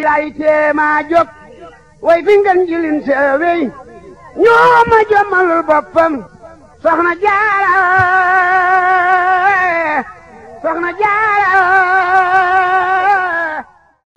lay tee maa jóg way fi ngeen jilin seewey ñoo ma jommalul boppam soxna Jaara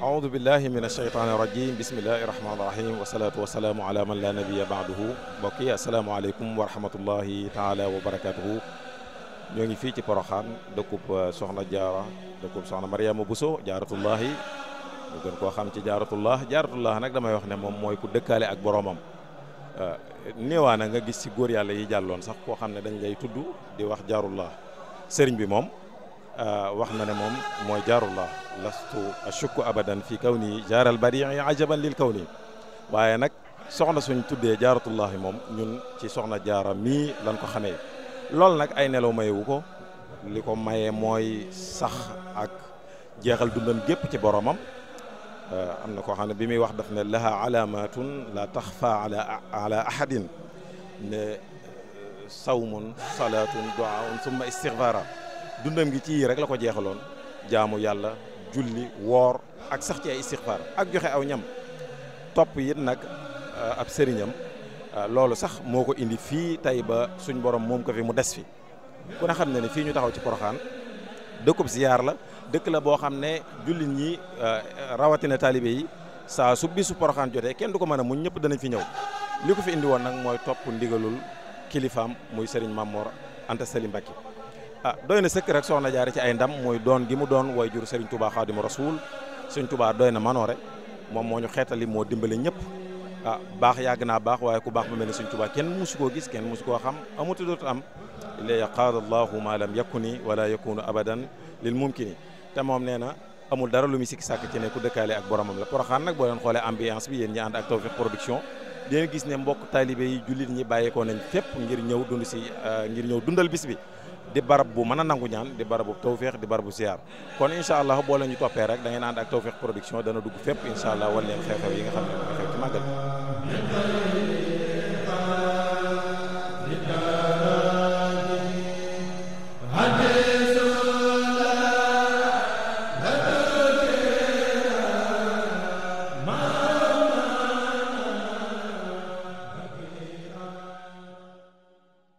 aoudu billahi min asheytaani irajim bismillahi irahmani irahim wasalaatu wasalaamu ala man laa nabiya baaduhu mbokk yi asalaamaaleykum wa rahmatullahi taala wa barakatuhu ñoo ngi fii ci Poroxaan dëkkub euh, soxna jaara dëkkub soxna Mariama Bousso jaaratullahi ñu gën koo xam ci jaaratullah jaaratullah nag damay wax ne moom mooy ku dëkkaale ak boroomam Euh, néewaa na nga gis ci góor yàlla yi jàlloon sax koo xam ne dañ lay tudd di wax jaarullah sëriñ bi moom euh, wax na ne moom mooy jaarullah lastu ashukku abadan fi kawni jaaral barii ajaban lil kawni waaye nag soxna suñ tuddee jaaratullahi moom ñun ci soxna jaara mii lan ko xamee loolu nag ay nelaw mayewu ko li ko maye mooy sax ak jeexal dundam gépp ci boromam Euh, am na koo xam ne bi muy wax daf ne laha alaamatun la taxfa ala ala ahadin ne euh, sawmun salaatun duaun summa istigfaara dundam gi ci yii rek la ko jeexaloon jaamu yàlla julli woor ak sax ci ay istigfaar ak joxe aw ñam topp it nag euh, ab sëriñam loolu sax moo ko indi fii tey ba suñ borom moom ko fi mu des fi ku ne xam ne ne fii ñu taxaw ci Poroxaan dëkkub ziyaar la dëkk la boo xam ne jullit ñi euh, rawatina taalibe yi saa su bisu poroxaan jotee kenn du ko mën a mu ñëpp danañ fi ñëw li ko fi indi woon nag mooy topp ndigalul kilifaam muy Serigne Mamor Anta Sali Mbacke a ah, doy na sëkk rek soxna jaare ci ay ndam muy doon gi mu doon way jur Serigne Touba Xaadimu Rasuul sëñ Touba doy na manoore moom moo ñu xeetali moo dimbale ñëpp ah baax yàgg naa baax waaye ku baax ba mel ne Sëñ Tuubaa kenn mosu koo gis kenn mosu koo xam amatu dootu am illa yaqaada allahu ma lam yakuni wala yakunu abadan lil mumkini te moom nee na amul dara lu muy sikki sàkk ci ne ku dëkkaale ak boromam la poroxaan nag boo leen xoolee ambiance bi yéen ñi ànd ak Tawfekh Production dinañ gis ne mbokk taalibe yi jullit ñi bàyyeekoo nañ fépp ngir ñëw dund si ah, ngir ñëw dundal bis bi di barab bu mën a nangu ñaan di barab bu tawféex di barab bu siyaar kon incha allah boo leen ñu toppee rek da ngeen ànd ak tawféex production dana dugg fépp incha allah wan leen xew-xew yi nga xam ne mooy xew ci màggal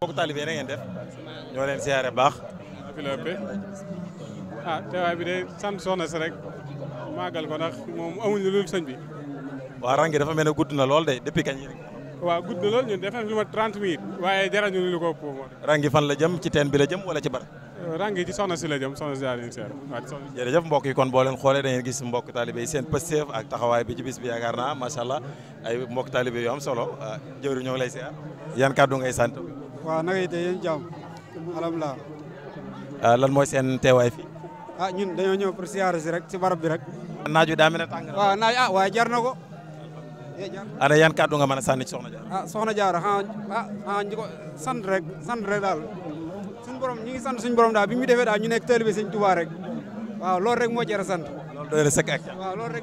bokk taalibe na ngeen def ñoo leen siyaare baax. ah teewaay bi de sant soxna si rek màggal ko ndax moom amuñu lu sëñ bi. waa rang dafa mel ne gudd na lool de depi kañ. waaw gudd na lool ñun def nañ lu ma 30 minutes. waaye jarañu lu ko ëpp. rang yi fan la jëm ci teen bi la jëm wala ci bara. Euh, rang yi ci soxna si la jëm soxna si daal di seer waaw jërëjëf mbokk yi kon boo leen xoolee da ngeen gis mbokk taalibe yi seen pësteef ak taxawaay bi ci bis bi yaakaar naa macha a ay mbokk taalibe yu am solo ah, jëwri ñoo ngi lay seer yan kàddu ngay sant. alhamdulilah. Euh, lan mooy seen teewaay fi a ah, ñun dañoo ñëw pour siyaare si rek si barab bi rek. naaj wi daa na. waaw naaj ah waaye jar na ko. Eh, ana yan kàddu nga mën a sànni ci soxna Diarra. ah soxna Diarra ah, ah, ah sant rek sant rek daal suñu borom ñu ngi sant borom daal bi ñu defee daal ñu nekk taalibe Sëñ Tuubaa rek waaw loolu rek moo jar a sant. loolu sëkk ak cant. waaw loolu rek